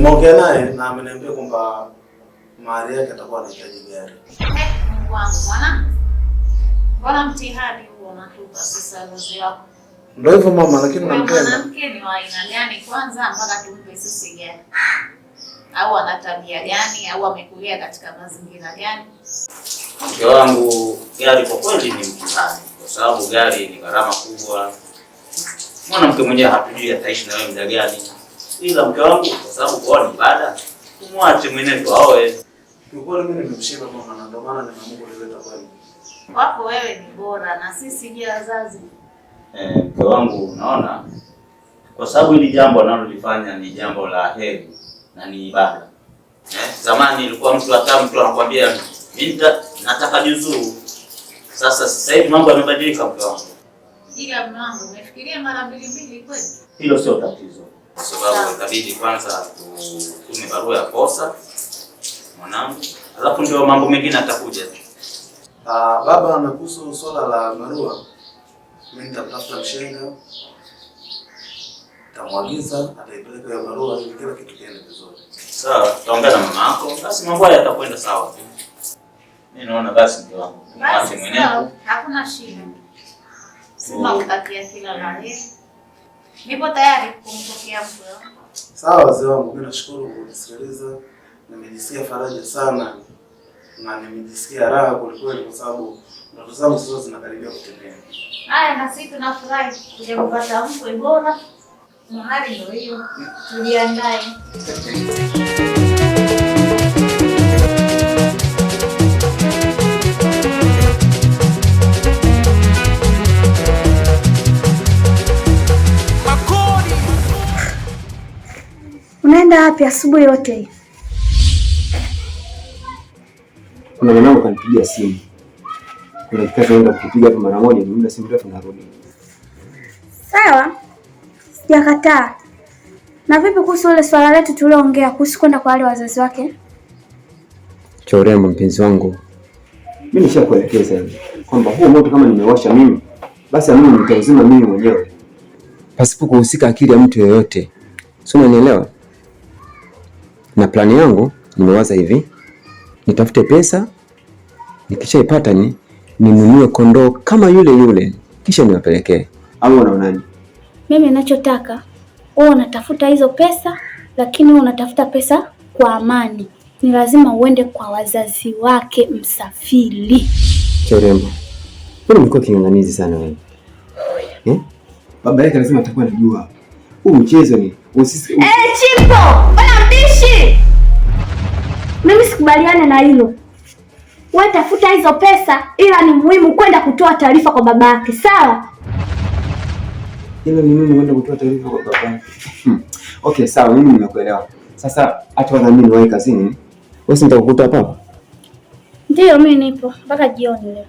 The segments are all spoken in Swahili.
Nimeongea naye na ameniambia kwamba mahari yake atakuwa anahitaji gari. Ndio hivyo mama, lakini nampenda. Au ana tabia gani? Au amekulia katika mazingira gani? Mke wangu gari kwa kweli ni mtihani, kwa sababu gari ni gharama kubwa. Mwanamke mwenyewe hatujui ataishi na wewe muda gani ila mke wangu kwa sababu kwa ni ibada, mwache mwenendo aoe. Kwa mimi nimemshiba mama, na ndio maana nimeamua kuleta kwenu. Wako wewe ni bora na sisi je wazazi? Eh, mke wangu unaona, kwa sababu hili jambo analolifanya ni jambo la heri na ni ibada. Eh, zamani ilikuwa mtu hata mtu anakuambia mimi nataka juzuu. Sasa sasa hivi mambo yamebadilika mke wangu. Jiga mlango, umefikiria mara mbili mbili kweli? Hilo sio tatizo kwa sababu itabidi kwanza tutume barua ya posa mwanangu, alafu ndio mambo mengine atakuja. Uh, ah, baba amekuhusu swala la barua, mimi nitamtafuta mshenga, tamwagiza ataipeleka hiyo barua ili kila kitu kiende vizuri. Sawa, taongea na mama yako, basi mambo haya yatakwenda sawa. Mimi naona basi ndio wangu, mwache mwenyewe, hakuna shida, sema utakia mm. kila nani Nipo tayari kumpokea mkwe Sawa wazee wangu, mimi nashukuru kunisikiliza, nimejisikia faraja sana na nimejisikia raha kwelikweli, kwa sababu ndoto zangu sasa zinakaribia kutimia. Haya, na sisi tunafurahi kuja kupata mkwe bora, mahali ndio hiyo, tujiandae. wapi asubuhi yote hii? Kuna mwanangu kanipigia simu, kuna kikazi naenda kukipiga hapo mara moja, muda si mrefu narudi. Sawa, sijakataa. Na vipi kuhusu ile swala letu tulioongea kuhusu kwenda kwa wale wazazi wake cha urembo? Mpenzi wangu, mimi nishakuelekeza hivi kwamba huo moto kama nimewasha mimi, basi amini nitauzima mimi mwenyewe pasipo kuhusika akili ya mtu yoyote, sio? Unanielewa? na plani yangu nimewaza hivi, nitafute pesa, nikishaipata ni ninunue kondoo kama yule yule, kisha niwapelekee. Au unaonaje? Mimi ninachotaka wewe unatafuta hizo pesa, lakini unatafuta pesa kwa amani. Ni lazima uende kwa wazazi wake Msafiri. Cheremba, wewe umekuwa king'ang'anizi sana wewe eh? Baba yake lazima atakuwa anajua huu mchezo ni usisi. Eh, chipo mabishi. Mimi sikubaliane na hilo. Wewe tafuta hizo pesa, ila ni muhimu kwenda kutoa taarifa kwa baba yake, sawa? Ila ni mimi kwenda kutoa taarifa kwa baba yake. Hmm. Okay, sawa, mimi nimekuelewa. Sasa hata wana mimi niwahi kazini. Wewe si nitakukuta hapa? Ndio, mimi nipo mpaka jioni leo.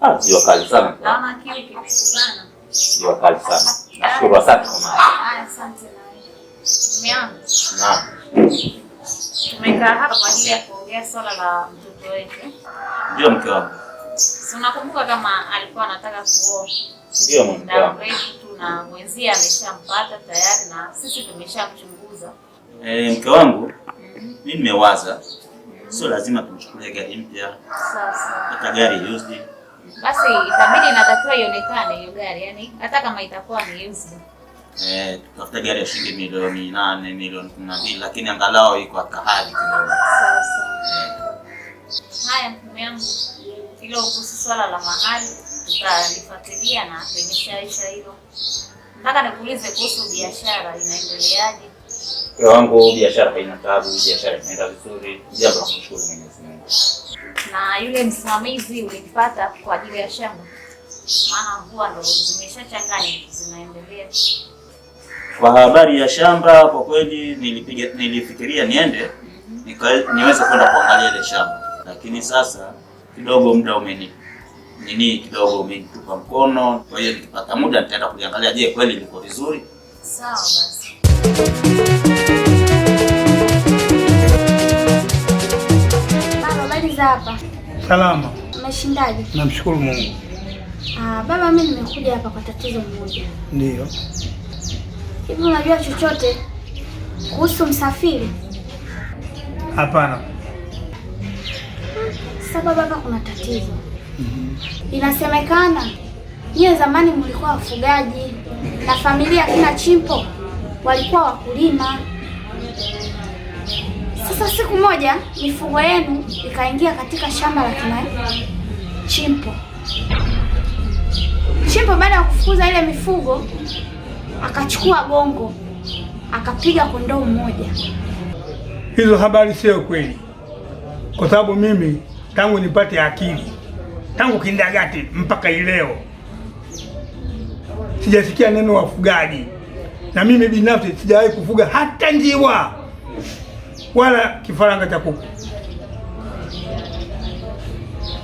Ah, Jua kali sana. Jua kali sana. Nashukuru, asante ndio mke wangu. Unakumbuka kama alikuwa anataka kuoa? Ndio mke wangu. Na mwenzie ameshampata tayari na sisi tumeshamchunguza. Eh, mke wangu, mm-hmm. mimi nimewaza sio lazima tumchukulie gari mpya, hata gari used basi itabidi inatakiwa ionekane hiyo gari, yani hata kama itakuwa ni used eh, tutafuta gari ya shilingi milioni nane milioni kumi na mbili lakini angalau iko kwa hali kidogo. Eh. Haya, mwanangu, wangu, hilo kuhusu swala la mahali tutalifuatilia na kuonyesha hilo. mpaka nikuulize kuhusu biashara inaendeleaje? wangu biashara haina tabu, biashara inaenda vizuri, jambo la kumshukuru Mwenyezi Mungu. Na yule msimamizi ulipata kwa ajili ya shamba? Maana huwa ndo zimeshachanganya zinaendelea. Kwa habari ya shamba, kwa kweli nilipiga, nilifikiria niende mm -hmm. niweze kwenda kuangalia ile shamba, lakini sasa kidogo muda umeni nini kidogo umenitupa mkono, kwa hiyo nikipata muda nitaenda kuliangalia, je kweli liko vizuri. Sawa basi. hapa? Salama. Umeshindaje? Namshukuru Mungu. Ah, baba mimi nimekuja hapa kwa tatizo moja. Ndio. Hivi unajua chochote kuhusu Msafiri? Hapana. Sasa baba, kuna tatizo. Mm -hmm. Inasemekana nyie zamani mlikuwa wafugaji na familia kina Chimpo walikuwa wakulima. Sasa siku moja mifugo yenu ikaingia katika shamba la kina Chimpo. Chimpo baada ya kufukuza ile mifugo akachukua gongo akapiga kondoo mmoja. Hizo habari sio kweli, kwa sababu mimi tangu nipate akili, tangu kindagati mpaka ileo sijasikia neno wafugaji, na mimi binafsi sijawahi kufuga hata njiwa wala kifaranga cha kuku.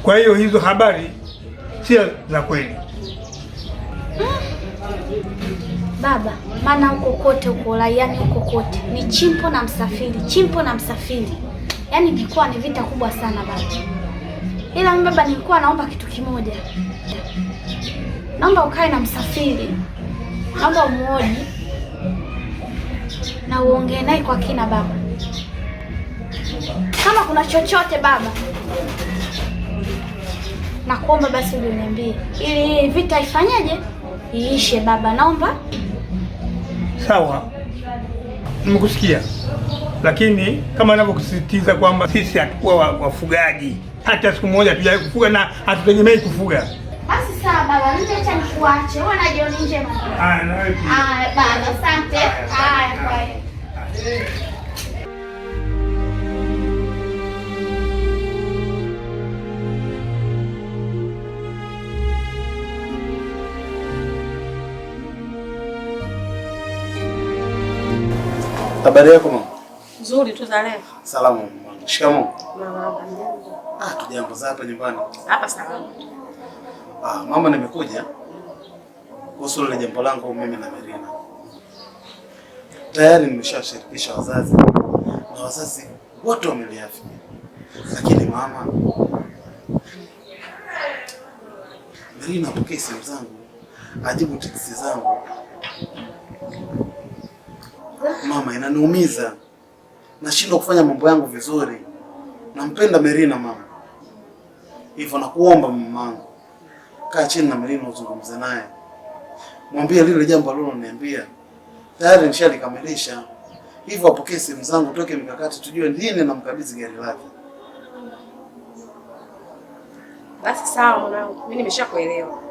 Kwa hiyo hizo habari sio za kweli. Baba, maana huko kote huko yani huko kote ni chimpo na msafiri, chimpo na msafiri, yaani ilikuwa ni vita kubwa sana baba. Ila mimi baba, nilikuwa naomba kitu kimoja, naomba ukae na msafiri, naomba umuoji na uongee naye kwa kina baba. Kama kuna chochote baba, nakuomba basi uniambie, ili vita ifanyaje iishe. Baba naomba. Sawa, nimekusikia, lakini kama anavyokusisitiza kwamba sisi hatukuwa wafugaji hata siku moja, tujawahi kufuga na hatutegemei kufuga. Basi sawa baba, mimi acha nikuache, wewe na jioni njema. Haya, baba, asante. Haya, kwa hiyo Habari yako mama? Nzuri tu za leo. Salamu mama. Mama. Ah, tujambo za hapa nyumbani. Hapa salamu. Ah, mama nimekuja kuhusu lile jambo langu mimi na Merina. Tayari nimeshashirikisha wazazi na wazazi wote wameliafikia. Lakini mama, Merina apokee simu zangu, ajibu tiksi zangu Mama, inaniumiza, nashindwa kufanya mambo yangu vizuri. Nampenda Merina mama, hivyo nakuomba mamangu, kaa chini na Merina uzungumze naye, mwambie lile jambo aliloniambia tayari nishalikamilisha, hivyo apokee simu zangu, toke mikakati, tujue na mkabidhi gari lake. Basi sawa mwanangu, mimi nimeshakuelewa.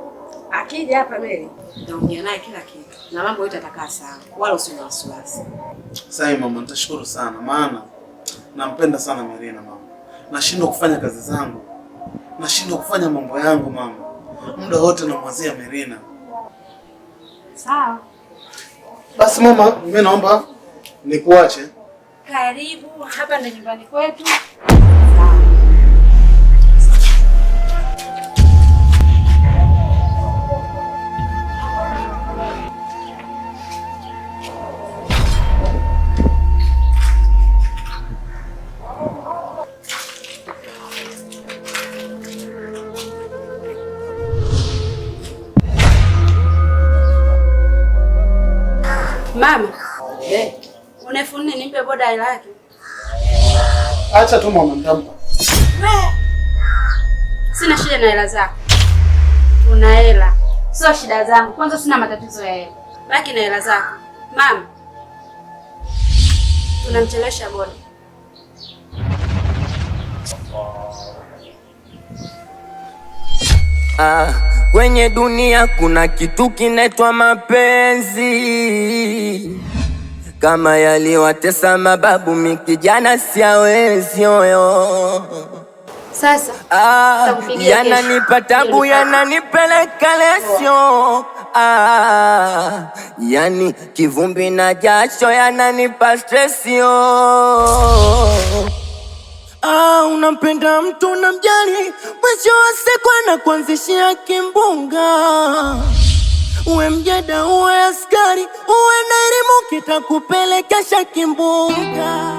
Akija hapa mbele nitaongea naye kila kitu na mambo yote atakaa sawa, wala usiwe na wasiwasi. Sawa mama, nitashukuru sana, maana nampenda sana Marina mama. Nashindwa kufanya kazi zangu, nashindwa kufanya mambo yangu mama, muda wote namwazia Marina. Sawa basi mama, mimi naomba nikuache. Karibu hapa, na nyumbani kwetu. Sawa. labda hela yake. Acha tu mama, nitampa. Sina shida na hela zako, una hela, sio shida zangu. Kwanza sina matatizo ya hela, baki na hela zako mama. Tunamchelewesha bora. Ah, kwenye dunia kuna kitu kinaitwa mapenzi kama yaliwatesa mababu mikijana siawezi oyo. Sasa ah, yananipa tabu yananipeleka lesyo ah, yani kivumbi na jasho yananipa stresio Ah, unampenda mtu unamjali, mwisho wa na anakuanzishia kimbunga uwe mjeda, uwe askari, uwe na elimu, kitakupelekesha kimbunga.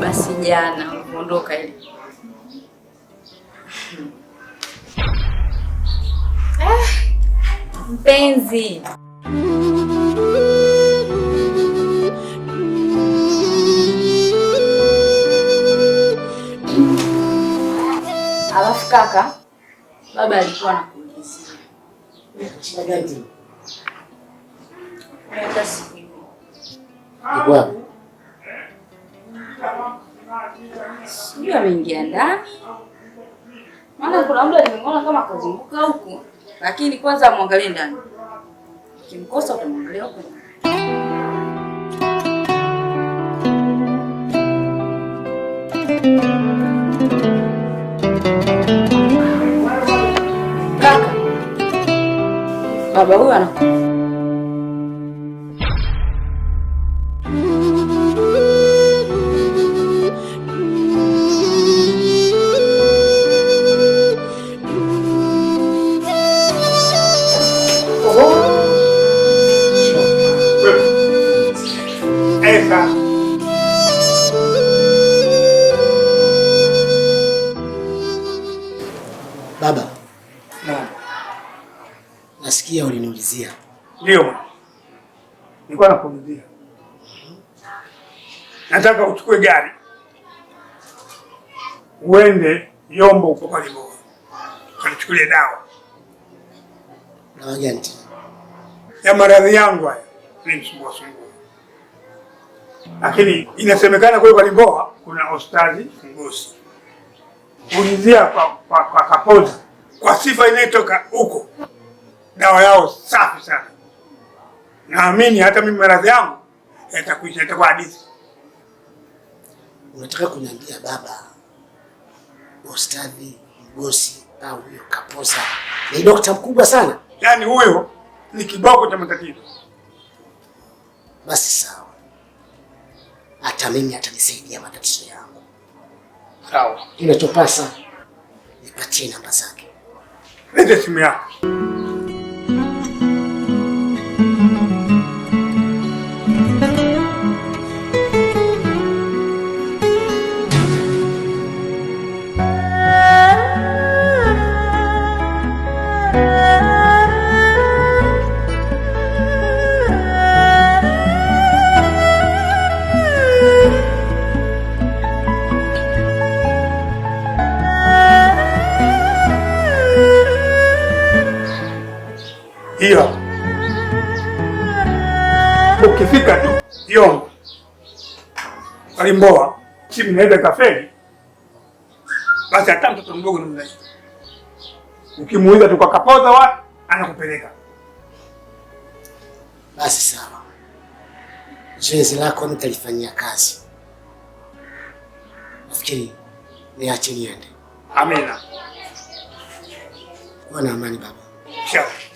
Basi jana ondoka ili ah, mpenzi alafu kaka Baba alikuwa anakuulizia. Sijui ameingia ndani, maana kuna muda nimeona kama kazunguka huku, lakini kwanza amwangalie ndani, kimkosa utamwangalia huku. ആ ബഹു വേണം uchukue gari uende Yombo uko kwa Liboa kanichukulie dawa ya maradhi yangu haya nimsumbua sumbua, lakini inasemekana kule kwa Liboa kuna ostazi Ngosi. Ulizia kwa, kwa, kwa Kapoza kwa sifa inayotoka huko, dawa yao safi sana. Naamini hata mimi maradhi yangu yatakuisha, itakuwa hadithi unataka kuniambia baba, ustadhi mgosi au huyo kaposa ni dokta mkubwa sana? Yaani huyo ni kiboko cha matatizo. Basi sawa, hata mimi atanisaidia matatizo yangu. Sawa, kinachopasa nipatie namba zake, nende simu yako. Yongo Kalimboa, timu naenda kafeli basi hata mtoto mdogo namna ukimuuliza tu kakapoza wapi, anakupeleka basi. Sawa, zoezi lako nitalifanyia kazi. Nafikiri niache niende. Amina, kuwa na amani baba. Shauri.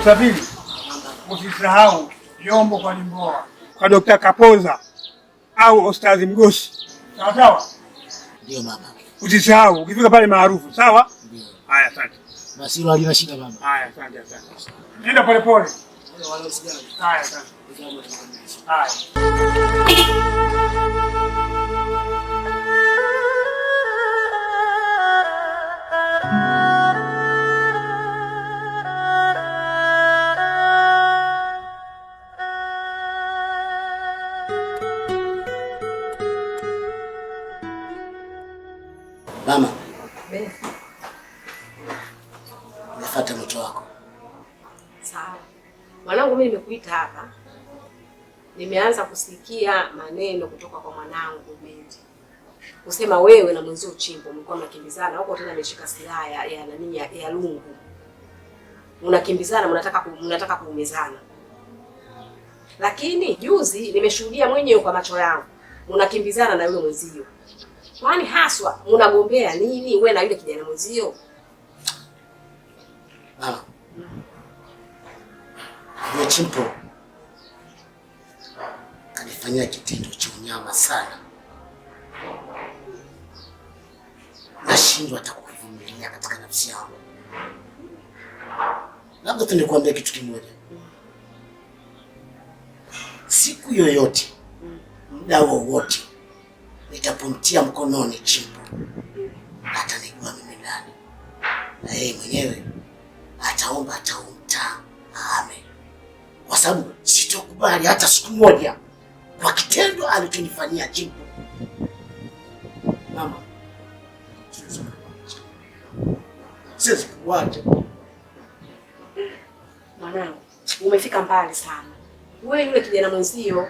kusafiri usisahau vyombo kwa Limboa kwa Dokta Kapoza au Ostazi Mgoshi, sawa sawa? Ndio mama, usisahau ukifika pale maarufu, sawa? Haya, asante. Basi halina shida mama. Haya, asante, asante. Nenda pole pole. Haya, asante. Haya. nimeanza kusikia maneno kutoka kwa mwanangu Bendi kusema wewe na mwenzio Chimbo mlikuwa mnakimbizana huko, tena ameshika silaha ya, ya nani ya, ya lungu, mnakimbizana, mnataka mnataka kuumezana. Lakini juzi nimeshuhudia mwenyewe kwa macho yangu mnakimbizana na yule mwenzio. Kwani haswa mnagombea nini wewe na yule kijana mwenzio? Ah. Chimbo alinifanyia kitendo cha unyama sana, nashindwa hata kuvumilia katika nafsi yangu. Labda tu nikuambia kitu kimoja, siku yoyote, muda wowote nitapomtia mkononi chimbo, hata nikuwa mimi ndani na yeye mwenyewe ataomba ataumta ame, kwa sababu sitokubali hata siku moja kwa kitendo alichonifanyia jibu. Mama, siwezi kuwacha. Mwanangu, umefika mbali sana wewe, yule kijana mwenzio,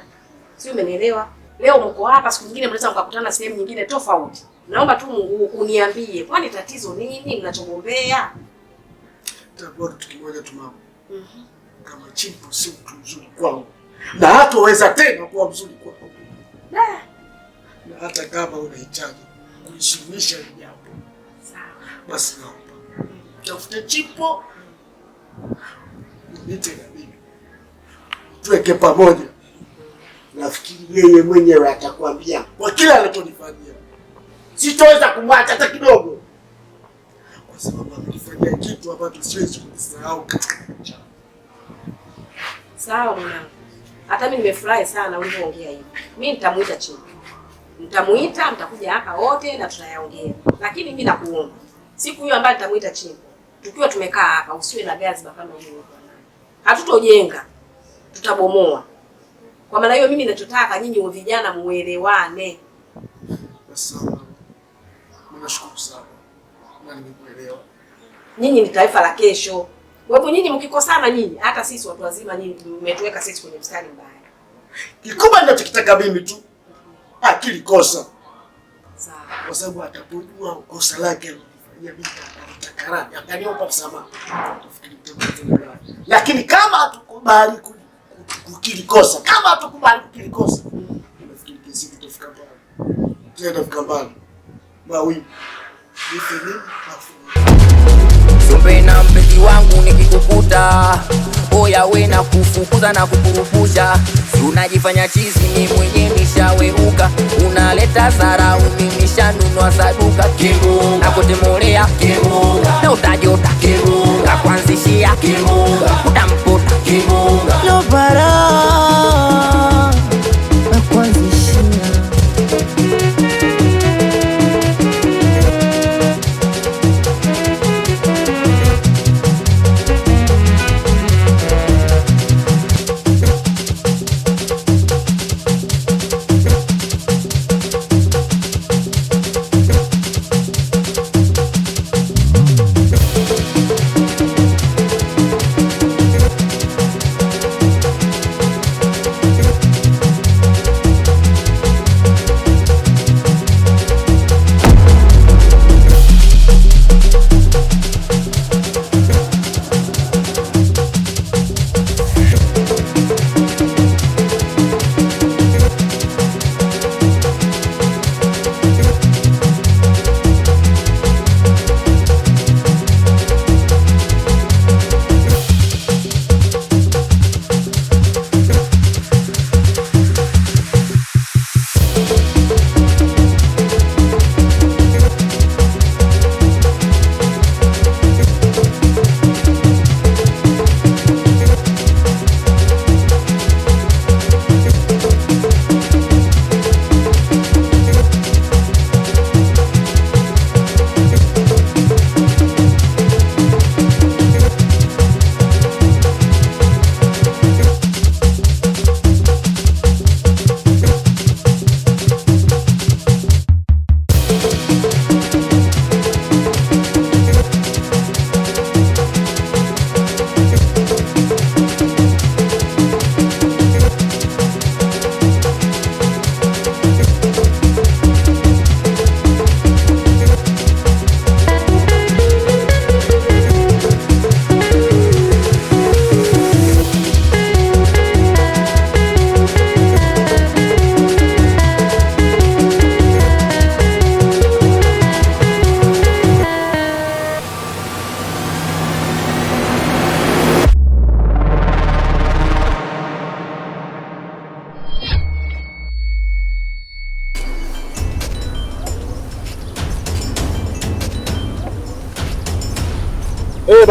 si umenielewa? Leo mko hapa, siku nyingine mnaweza mkakutana sehemu nyingine tofauti. Naomba tu uniambie, kwani tatizo nini mnachogombea? Tukimoja tu mama, mhm. kama chimpo si mtu mzuri kwangu na hataweza tena kuwa mzuri kwako, na hata kama unahitaji kuishimisha jambo, basi naomba tafute chipo nite na mimi tuweke pamoja. Nafikiri yeye mwenyewe atakwambia kwa kila anachonifanyia sitoweza kumwacha hata kidogo, kwa sababu amenifanyia kitu ambacho siwezi kumsahau katika maisha. Sawa mwanangu. Hata mimi nimefurahi sana ulivyoongea hivi. Mimi nitamuita chini, nitamuita, mtakuja hapa wote na tutayaongea, lakini mimi nakuomba siku hiyo ambayo nitamuita chini, tukiwa tumekaa hapa, usiwe na gaziba kama hiyo. Hatutojenga, tutabomoa. Kwa maana hiyo, mimi ninachotaka nyinyi vijana muelewane. nyinyi ni taifa la kesho. Kwa hivyo nyinyi mkikosana nyinyi, hata sisi watu wazima nyinyi mmetuweka sisi kwenye mstari mbaya. Kikubwa ninachokitaka mimi tu akili kosa. Sawa. Kwa sababu atapojua kosa lake alifanyia mimi atakaraa. Ataniomba msamaha. Lakini kama hatukubali kukiri kosa, kama hatukubali kukiri kosa, nafikiri kesi itafika mbali. Tena itafika mbali. Mawimbi. Nifanye nini? Jumbe na mpenzi wangu nikikukuta, oya we na kufukuza na kukurupusha, unajifanya chizi, ni mwenye nishaweuka, unaleta sarau, mimi nishanunua saduka na kutemolea na utajota na kuanzishia utamputa lopara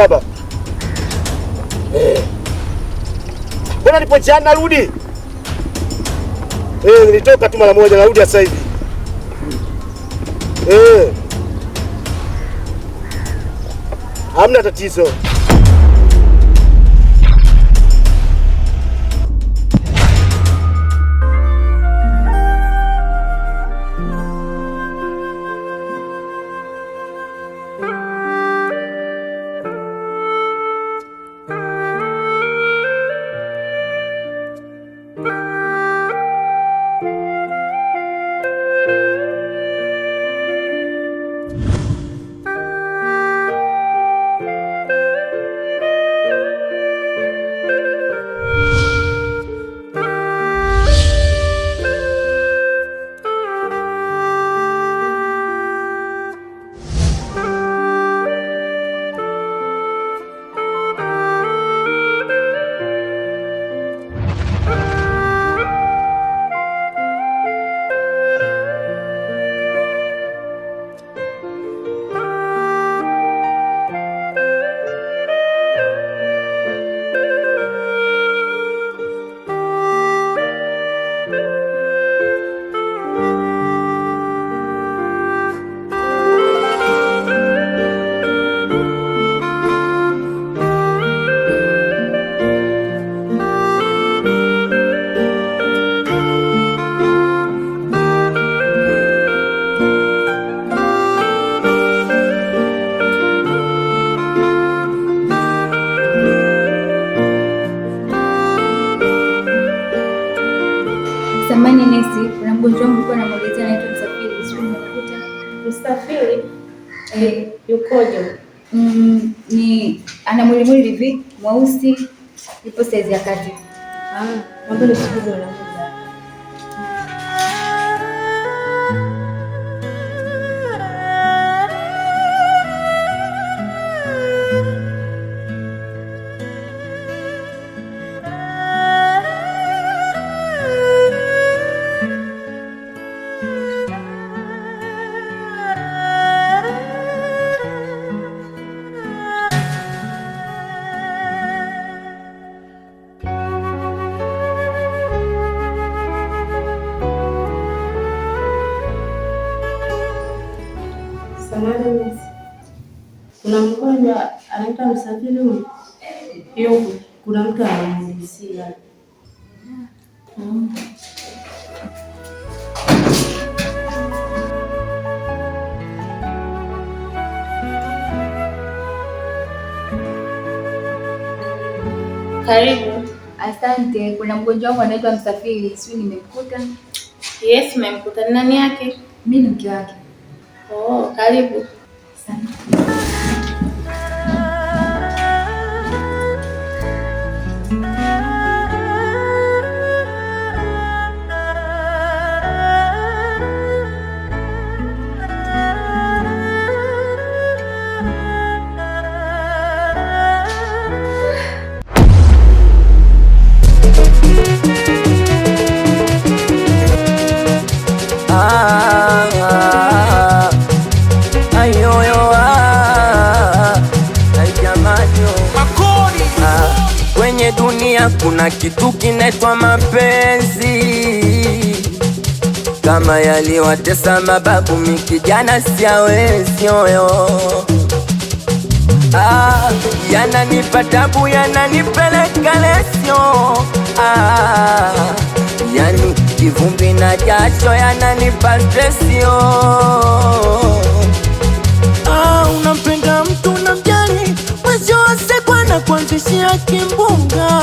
baba eh. mbona eh? nipo jana narudi eh, nilitoka tu mara moja narudi sasa hivi eh. Hamna tatizo. usafiri eh. ni yukoje? Mm, ni ana mwili mwili hivi mweusi, ipo saizi ya kati. Ah, hiyo, kuna mtu anamuulizia Karibu. Asante. Kuna mgonjwa wangu anaitwa Msafiri, sijui nimemkuta. Yes, nimemkuta. Nani yake? Mimi ni mke wake. Oh, karibu. Asante. Ah, kwenye dunia kuna kitu kinaitwa mapenzi, kama yaliwatesa mababu mikijana, siawezi oyo Ah, yananipa tabu yananipeleka lesyo ah, yani Kivumbi na jasho yananipa stresi oh. Ah, unampenda mtu unamjali, mwisho wa na anakuanzishia kimbunga